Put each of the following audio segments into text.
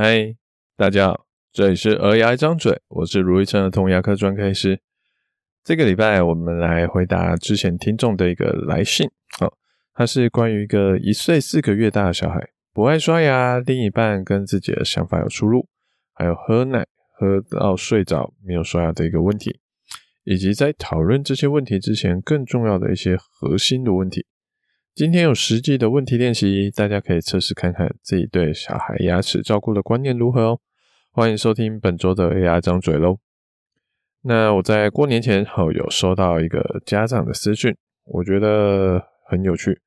嗨，大家好，這裡是兒牙一張嘴，我是盧育成兒童牙科專科醫師。這個禮拜我們來回答之前聽眾的一個來信，好、哦，它是關於一個一歲四個月大的小孩不愛刷牙，另一半跟自己的想法有出入，還有喝奶喝到睡着沒有刷牙的一個問題，以及在討論這些問題之前，更重要的一些核心的問題。今天有實際的問題練習，大家可以測試看看自己對小孩牙齒照顧的觀念如何哦。歡迎收聽本週的《兒牙一張嘴》嘍。那我在過年前後，哦，有收到一個家長的私訊，我覺得很有趣。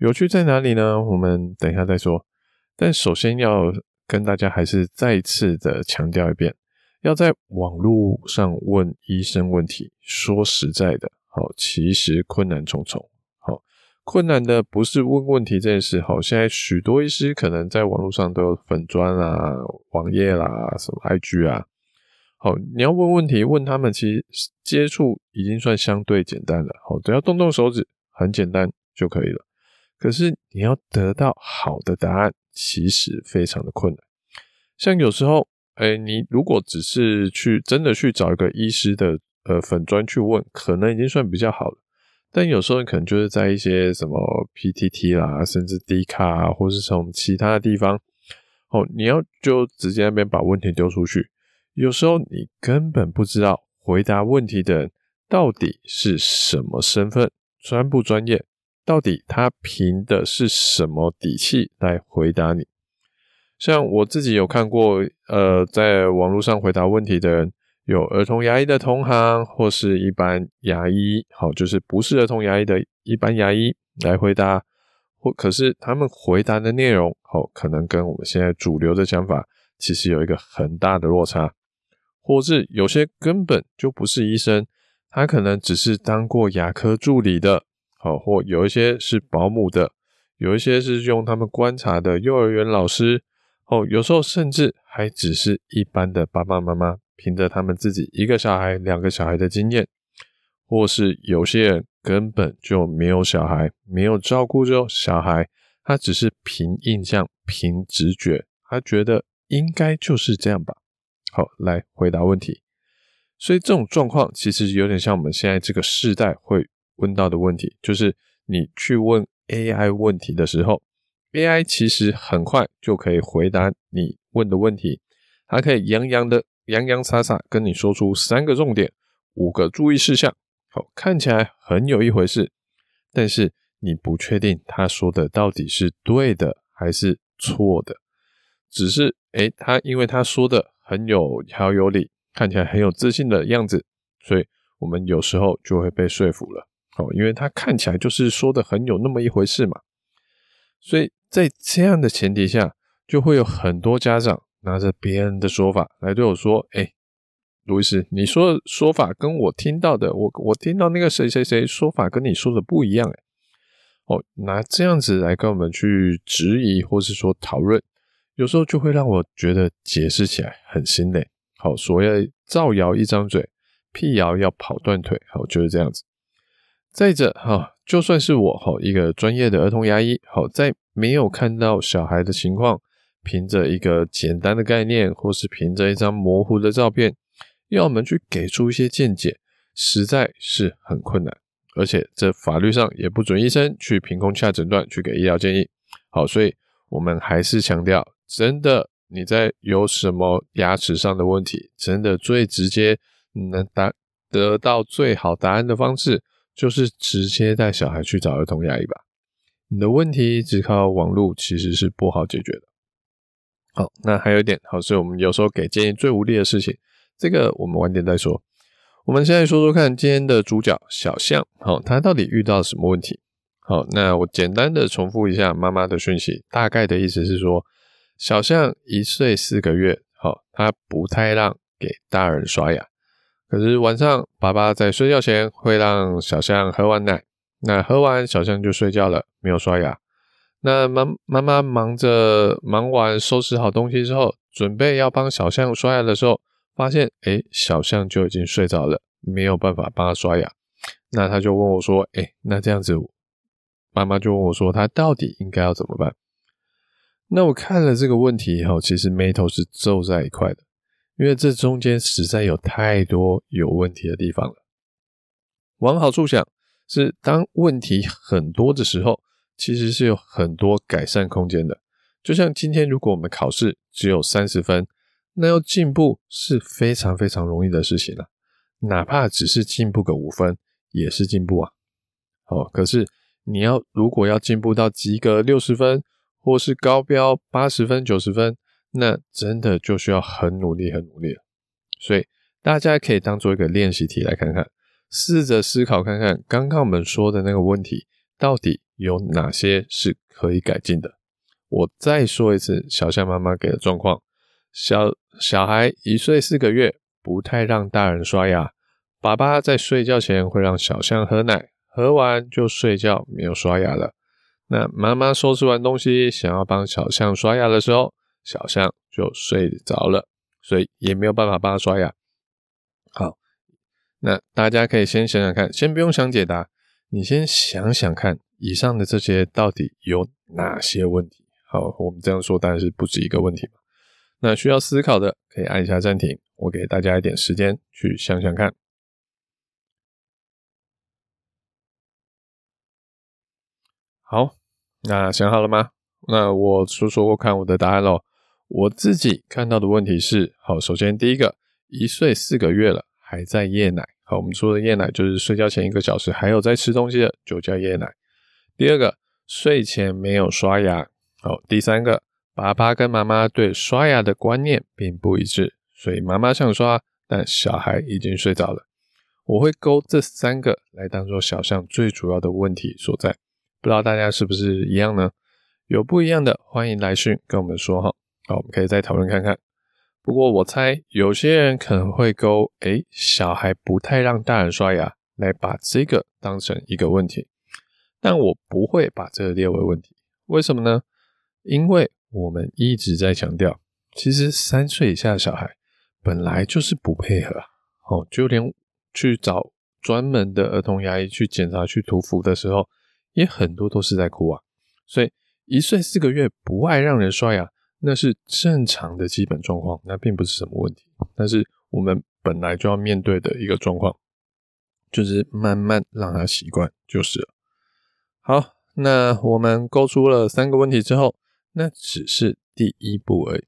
有趣在哪裡呢？我們等一下再說。但首先要跟大家還是再次的強調一遍，要在網絡上問醫生問題，說實在的，好，哦，其實困難重重。困難的不是問問題這件事。好，現在許多醫師可能在網絡上都有粉專啊、網頁啦、啊、什麼 IG 啊。好，你要問問題問他們，其實接觸已經算相對簡單了。好，只要動動手指，很簡單就可以了。可是你要得到好的答案，其實非常的困難。像有時候，哎，你如果只是去真的去找一個醫師的呃粉專去問，可能已經算比較好了。但有時候你可能就是在一些什麼 PTT 啦，甚至 D 卡啊，或是從其他的地方哦，你要就直接那邊把問題丟出去。有時候你根本不知道回答問題的人到底是什麼身份，專不專業，到底他憑的是什麼底氣來回答你。像我自己有看過，呃，在網絡上回答問題的人。有兒童牙醫的同行或是一般牙醫，好，就是不是兒童牙醫的一般牙醫來回答，或可是他們回答的內容，哦，可能跟我們現在主流的想法其實有一個很大的落差，或是有些根本就不是醫生，他可能只是當過牙科助理的，好，或有一些是保姆的，有一些是用他們觀察的幼兒園老師，哦，有時候甚至還只是一般的爸爸媽媽。憑着他們自己一個小孩，兩個小孩的經驗，或是有些人根本就沒有小孩，沒有照顧着小孩，他只是憑印象，憑直覺，他覺得應該就是這樣吧。好，來回答問題。所以這種狀況其實有點像我們現在這個世代會問到的問題，就是你去問 AI 問題的時候，AI 其實很快就可以回答你問的問題，還可以洋洋的。洋洋灑灑跟你說出三個重點，五個注意事項，好，看起來很有一回事，但是你不確定他說的到底是對的還是錯的，只是哎，他因為他說的很有條有理，看起來很有自信的樣子，所以我們有時候就會被說服了，哦，因為他看起來就是說的很有那麼一回事嘛，所以在這樣的前提下，就會有很多家長。拿着別人的說法來對我說：“哎，盧醫師，你說的說法跟我聽到的，我我聽到那個誰誰誰說法跟你說的不一樣。”哎，哦，拿這樣子來跟我們去質疑或是說討論，有時候就會讓我覺得解釋起來很心累。好、哦，所謂造謠一張嘴，闢謠要跑斷腿。好、哦，就是這樣子。再者，哈、哦，就算是我好、哦、一個專業的兒童牙醫，好、哦、在沒有看到小孩的情況。憑着一個簡單的概念，或是憑着一張模糊的照片，要我們去給出一些見解，實在是很困難。而且這法律上也不准醫生去憑空下診斷，去給醫療建議。好，所以我們還是強調：真的你在有什麼牙齒上的問題，真的最直接能答得到最好答案的方式，就是直接帶小孩去找兒童牙醫吧。你的問題只靠網絡其實是不好解決的。好、哦，那還有一點，好是我們有時候給建議最無力的事情，這個我們晚點再說。我們現在說說看今天的主角小象，好、哦，他到底遇到什麼問題？好、哦，那我簡單的重複一下媽媽的訊息，大概的意思是說，小象一歲四個月，好、哦，他不太讓給大人刷牙，可是晚上爸爸在睡覺前會讓小象喝完奶，那喝完小象就睡覺了，沒有刷牙。那媽媽媽忙着忙完收拾好東西之後，準備要幫小象刷牙的時候，發現哎，小象就已經睡着了，沒有辦法幫他刷牙。那他就問我說：“哎，那這樣子，媽媽就問我說，他到底應該要怎麼辦？”那我看了這個問題以後，其實眉頭是皺在一塊的，因為這中間實在有太多有問題的地方了。往好處想，是當問題很多的時候，其實是有很多改善空間的。就像今天，如果我們考試只有三十分，那要進步是非常非常容易的事情了，啊，哪怕只是進步個五分也是進步啊。哦，可是你要如果要進步到及格六十分，或是高標八十分、九十分，那真的就需要很努力、很努力了。所以大家可以當做一個練習題來看看，試着思考看看，剛剛我們說的那個問題到底，有哪些是可以改進的？我再說一次，小象媽媽給的狀況。小小孩一歲四個月，不太讓大人刷牙。爸爸在睡覺前會讓小象喝奶，喝完就睡覺，沒有刷牙了。那媽媽收拾完東西，想要幫小象刷牙的時候，小象就睡着了，所以也沒有辦法幫他刷牙。好，那大家可以先想想看，先不用想解答。你先想想看，以上的這些到底有哪些問題？好，我們這樣說當然是不止一個問題嘛。那需要思考的可以按一下暫停，我給大家一點時間去想想看。好，那想好了嗎？那我說說我看我的答案嘍。我自己看到的問題是，好，首先第一個，一歲四個月了，還在夜奶。好，我們說的夜奶就是睡覺前一個小時，還有在吃東西的就叫夜奶。第二個，睡前沒有刷牙。好，第三個，爸爸跟媽媽對刷牙的觀念並不一致，所以媽媽想刷，但小孩已經睡着了。我會勾這三個來當做小象最主要的問題所在。不知道大家是不是一樣呢？有不一樣的，歡迎來訊跟我們說哈。好，我們可以再討論看看。不過我猜有些人可能會勾，誒哎，小孩不太讓大人刷牙，來把這個當成一個問題。但我不會把這個列為問題，為什麼呢？因為我們一直在強調，其實三歲以下的小孩本來就是不配合、啊、哦，就連去找專門的兒童牙醫去檢查去塗氟的時候，也很多都是在哭啊。所以一歲四個月不愛讓人刷牙，那是正常的基本狀況，那並不是什麼問題。那是我們本來就要面對的一個狀況，就是慢慢讓他習慣，就是了。好，那我們勾出了三個問題之後，那只是第一步而已。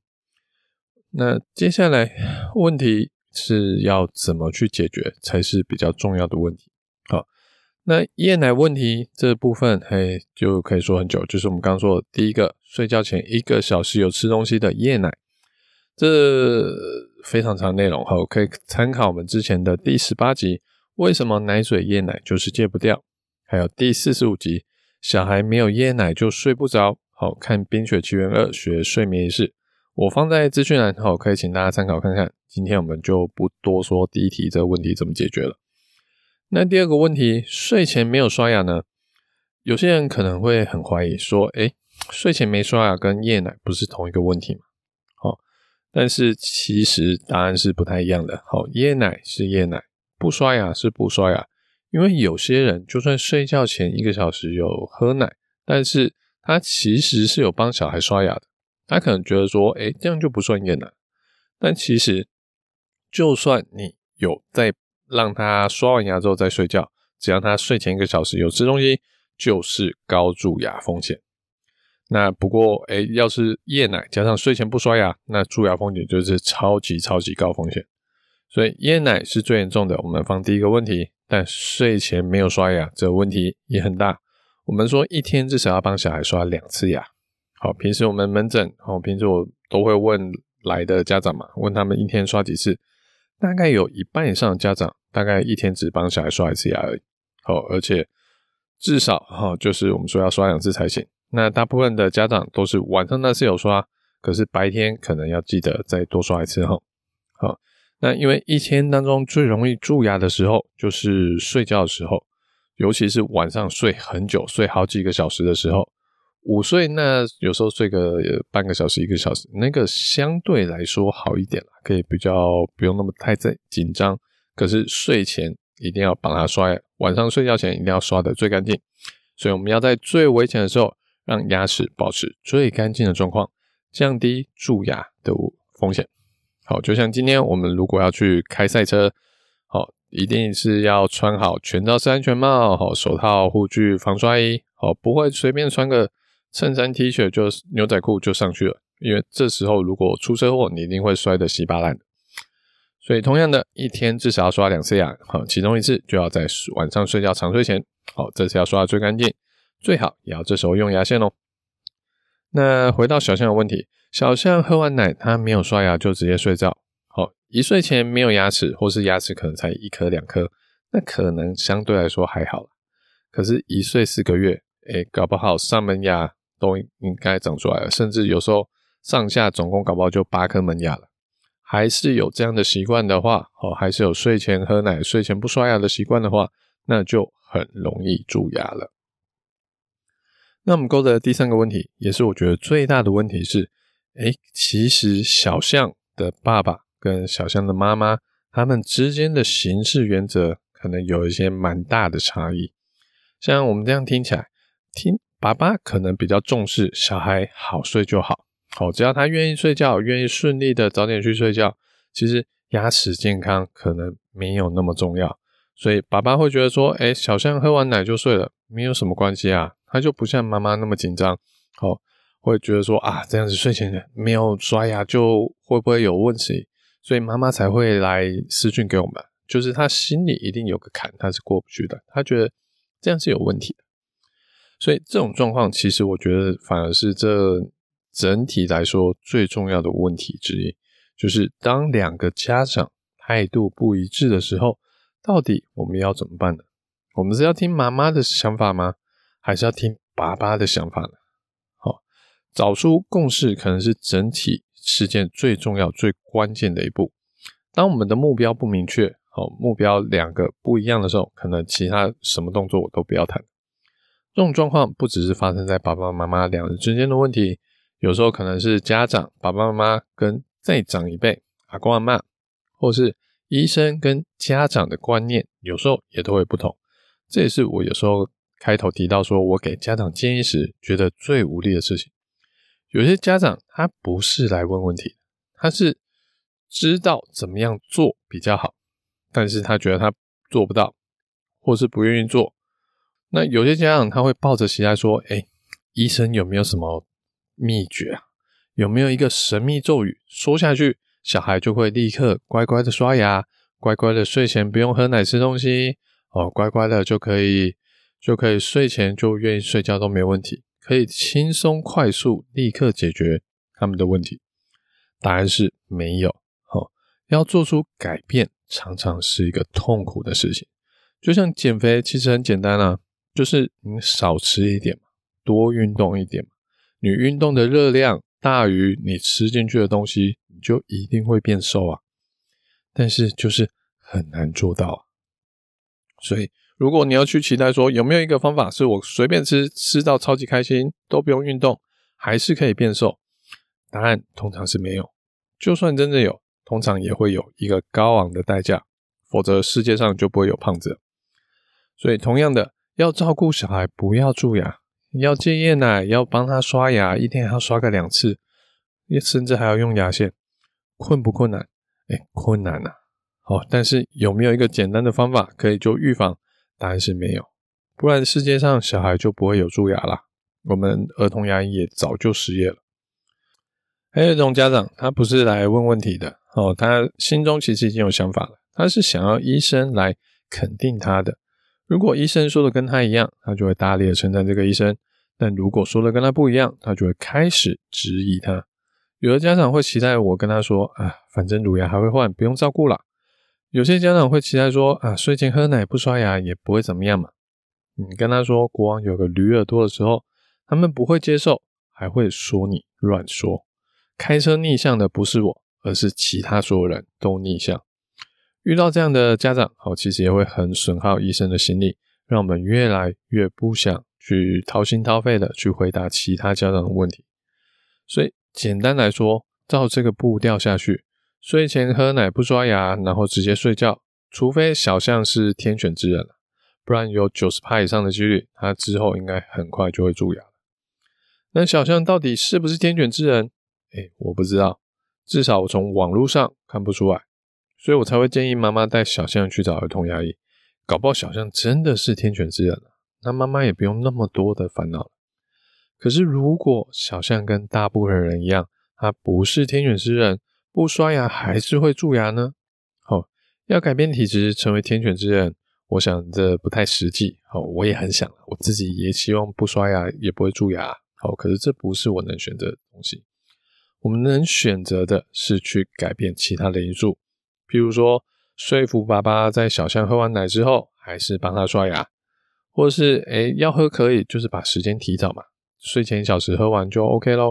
那接下來問題是要怎麼去解決，才是比較重要的問題。那夜奶問題這部分，嘿，就可以說很久，就是我們剛剛說的第一個，睡覺前一個小時有吃東西的夜奶，這非常長的內容，好，可以參考我們之前的第十八集，為什麼奶嘴夜奶就是戒不掉，還有第四十五集，小孩沒有夜奶就睡不着，好，看《冰雪奇緣二》學睡眠儀式，我放在資訊欄，好，可以請大家參考看看。今天我們就不多說第一題這個問題怎麼解決了。那第二個問題，睡前沒有刷牙呢？有些人可能會很懷疑說：“哎、欸，睡前沒刷牙跟夜奶不是同一個問題嗎？”好、哦，但是其實答案是不太一樣的。好、哦，夜奶是夜奶，不刷牙是不刷牙。因為有些人就算睡覺前一個小時有喝奶，但是他其實是有幫小孩刷牙的。他可能覺得說：“哎、欸，這樣就不算夜奶。”但其實，就算你有在讓他刷完牙之後再睡覺。只要他睡前一個小時有吃東西，就是高蛀牙風險。那不過，哎、欸，要是夜奶加上睡前不刷牙，那蛀牙風險就是超級超級高風險。所以夜奶是最嚴重的，我們放第一個問題。但睡前沒有刷牙，這個問題也很大。我們說一天至少要幫小孩刷兩次牙。好，平時我們門診，好，平時我都會問來的家長嘛，問他們一天刷幾次，大概有一半以上的家長。大概一天只幫小孩刷一次牙而已，好，而且至少哈、哦，就是我們說要刷兩次才行。那大部分的家長都是晚上那是有刷，可是白天可能要記得再多刷一次哈。好、哦，那因為一天當中最容易蛀牙的時候就是睡覺的時候，尤其是晚上睡很久，睡好幾個小時的時候。午睡那有時候睡個半個小時、一個小時，那個相對來說好一點，可以比較，不用那麼太在緊張。可是睡前一定要把它刷，晚上睡覺前一定要刷得最乾淨。所以我們要在最危險的時候，讓牙齒保持最乾淨的狀況，降低蛀牙的風險。好，就像今天我們如果要去開賽車，好，一定是要穿好全罩式安全帽，好，手套、護具、防摔衣，好，不會隨便穿個襯衫、T 恤就牛仔褲就上去了，因為這時候如果出車禍，你一定會摔得稀巴爛的。所以，同樣的一天至少要刷兩次牙，好，其中一次就要在晚上睡覺長睡前，好，這次要刷的最乾淨，最好也要這時候用牙線哦。那回到小象的問題，小象喝完奶，他沒有刷牙就直接睡覺，好，一歲前沒有牙齒，或是牙齒可能才一顆兩顆，那可能相對來說還好了。可是，一歲四個月，哎、欸，搞不好上門牙都應該長出來了，甚至有時候上下總共搞不好就八顆門牙了。還是有這樣的習慣的話，哦，還是有睡前喝奶、睡前不刷牙的習慣的話，那就很容易蛀牙了。那我們勾的第三個問題，也是我覺得最大的問題是，誒，其實小象的爸爸跟小象的媽媽，他們之間的行事原則可能有一些蠻大的差異。像我們這樣聽起來，聽爸爸可能比較重視小孩好睡就好，好，只要他願意睡覺，願意順利的早點去睡覺，其實牙齒健康可能沒有那麼重要。所以爸爸會覺得說，哎、欸，小象喝完奶就睡了，沒有什麼關係啊，他就不像媽媽那麼緊張。好，會覺得說啊，這樣子睡前沒有刷牙，就會不會有問題？所以媽媽才會來私訊給我們，就是他心裡一定有個坎，他是過不去的。他覺得這樣是有問題的。所以這種狀況，其實我覺得反而是這。整體來說，最重要的問題之一就是，當兩個家長態度不一致的時候，到底我們要怎麼辦呢？我們是要聽媽媽的想法嗎？還是要聽爸爸的想法呢？好、哦，找出共識可能是整體事件最重要、最關鍵的一步。當我們的目標不明確，好、哦，目標兩個不一樣的時候，可能其他什麼動作我都不要談。這種狀況不只是發生在爸爸媽媽兩人之間的問題。有時候可能是家長爸爸媽媽跟再長一輩阿公阿媽，或是醫生跟家長的觀念，有時候也都會不同。這也是我有時候開頭提到說我給家長建議時覺得最無力的事情。有些家長他不是來問問題，他是知道怎麼樣做比較好，但是他覺得他做不到，或是不願意做。那有些家長他會抱着期待說：“哎、欸，醫生有沒有什麼？”祕訣啊，有沒有一個神秘咒語，說下去，小孩就會立刻乖乖的刷牙，乖乖的睡前不用喝奶吃東西哦，乖乖的就可以，就可以睡前就願意睡覺都沒問題，可以輕鬆快速立刻解決他們的問題？答案是沒有。好，哦，要做出改變，常常是一個痛苦的事情。就像減肥，其實很簡單啊，就是你少吃一點嘛，多運動一點嘛。你運動的熱量大於你吃進去的東西，你就一定會變瘦啊。但是就是很難做到啊。所以如果你要去期待說，有沒有一個方法，是我隨便吃吃到超級開心都不用運動，還是可以變瘦？答案通常是沒有。就算真正有，通常也會有一個高昂的代價。否則世界上就不會有胖子。所以同樣的，要照顧小孩不要蛀牙。要戒夜奶，啊，要幫他刷牙，一天還要刷個兩次，甚至還要用牙線，困不困難？哎、欸，困難吶、啊！哦，但是有沒有一個簡單的方法可以就預防？答案是沒有，不然世界上小孩就不會有蛀牙啦，我們兒童牙醫也早就失業了。還有一種家長，他不是來問問題的，哦，他心中其實已經有想法了，他是想要醫生來肯定他的。如果醫生說的跟他一樣，他就會大力的稱讚這個醫生；但如果說的跟他不一樣，他就會開始質疑他。有的家長會期待我跟他說：“啊，反正乳牙還會換，不用照顧啦。”有些家長會期待說：“啊，睡前喝奶不刷牙也不會怎麼樣嘛。”你跟他說國王有個驢耳朵的時候，他們不會接受，還會說你亂說。開車逆向的不是我，而是其他所有人都逆向。遇到這樣的家長，哦，其實也會很損耗醫生的心力，讓我們越來越不想去掏心掏肺的去回答其他家長的問題。所以，簡單來說，照這個步調下去，睡前喝奶不刷牙，然後直接睡覺，除非小象是天選之人了，不然有九十趴以上的幾率，他之後應該很快就會蛀牙了。那小象到底是不是天選之人？哎、欸，我不知道，至少我從網絡上看不出來。所以我才會建議媽媽帶小象去找兒童牙醫，搞不好小象真的是天選之人，那媽媽也不用那麼多的煩惱了。可是如果小象跟大部分人一樣，他不是天選之人，不刷牙還是會蛀牙呢？好、哦，要改變體質成為天選之人，我想這不太實際。好、哦，我也很想，我自己也希望不刷牙也不會蛀牙。好、哦，可是這不是我能選擇的東西，我們能選擇的是去改變其他的因素。比如說，說服爸爸在小象喝完奶之後，還是幫他刷牙，或是誒、欸、要喝可以，就是把時間提早嘛，睡前一小時喝完就 OK 嘍。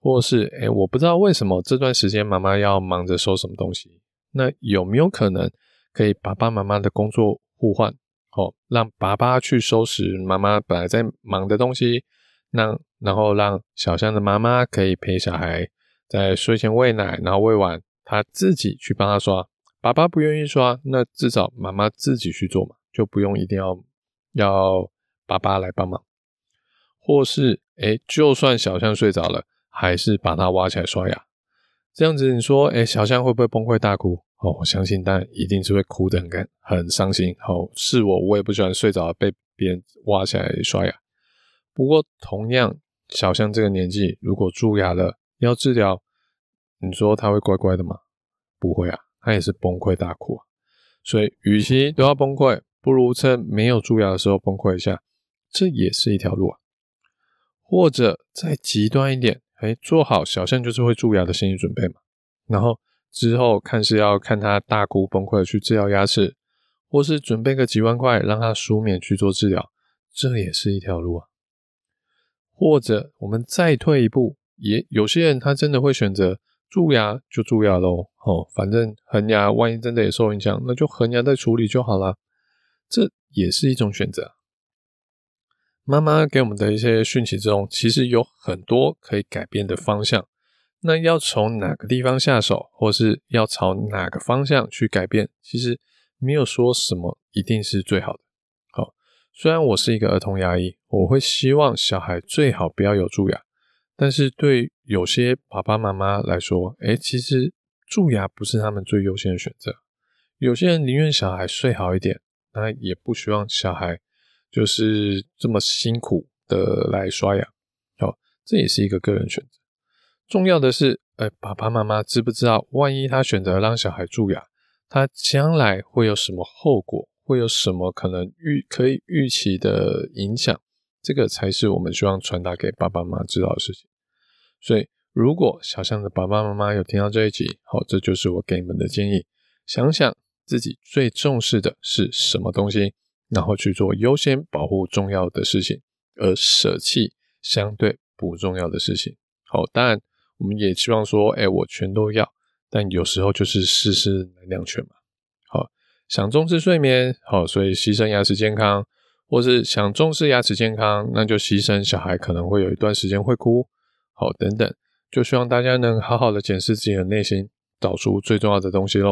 或是誒、欸、我不知道為什麼這段時間媽媽要忙着收什麼東西，那有沒有可能可以爸爸媽媽的工作互換哦，讓爸爸去收拾媽媽本來在忙的東西，那然後讓小象的媽媽可以陪小孩在睡前餵奶，然後餵完。他自己去幫他刷，爸爸不願意刷，那至少媽媽自己去做嘛，就不用一定要要爸爸來幫忙。或是，哎、欸，就算小象睡着了，還是把它挖起來刷牙。這樣子，你說，哎、欸，小象會不會崩潰大哭？哦，我相信，但一定是會哭得很干，很傷心。哦，是我，我也不喜歡睡着被別人挖起來刷牙。不過，同樣，小象這個年紀，如果蛀牙了，要治療。你說他會乖乖的嗎？不會啊，他也是崩潰大哭啊。所以，與其都要崩潰，不如趁沒有蛀牙的時候崩潰一下，這也是一條路啊。或者再極端一點，哎、欸，做好小象就是會蛀牙的心理準備嘛。然後之後看是要看他大哭崩潰的去治療牙齒，或是準備個幾萬塊讓他舒眠去做治療，這也是一條路啊。或者我們再退一步，也有些人他真的會選擇。蛀牙就蛀牙咯，哦，反正恆牙萬一真的也受影響，那就恆牙再處理就好了，這也是一種選擇。媽媽給我們的一些訊息之中，其實有很多可以改變的方向。那要從哪個地方下手，或是要朝哪個方向去改變，其實沒有說什麼一定是最好的。好，哦，雖然我是一個兒童牙醫，我會希望小孩最好不要有蛀牙。但是對有些爸爸媽媽來說，哎、欸，其實蛀牙不是他們最優先的選擇。有些人寧願小孩睡好一點，那也不希望小孩就是這麼辛苦的來刷牙。哦，這也是一個個人選擇。重要的是，哎、欸，爸爸媽媽知不知道，萬一他選擇讓小孩蛀牙，他將來會有什麼後果？會有什麼可能預可以預期的影響？這個才是我們希望傳達給爸爸媽媽知道的事情。所以，如果小象的爸爸媽媽有聽到這一集，好，這就是我給你們的建議。想想自己最重視的是什麼東西，然後去做優先保護重要的事情，而捨棄相對不重要的事情。好，當然我們也希望說，哎、欸，我全都要。但有時候就是事事難兩全嘛。好，想重視睡眠，好，所以犧牲牙齒健康；或是想重視牙齒健康，那就犧牲小孩可能會有一段時間會哭。好，等等，就希望大家能好好的檢視自己的內心，找出最重要的東西嘍，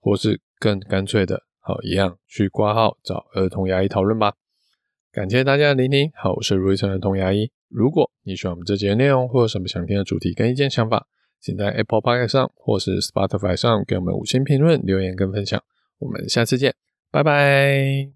或是更乾脆的，好，一樣去掛號找兒童牙醫討論吧。感謝大家的聆聽，好，我是如意城兒童牙醫。如果你喜歡我們這節內容，或有什麼想聽的主題跟意見想法，請在 Apple Podcast 上或是 Spotify 上給我們五星評論、留言跟分享。我們下次見，拜拜。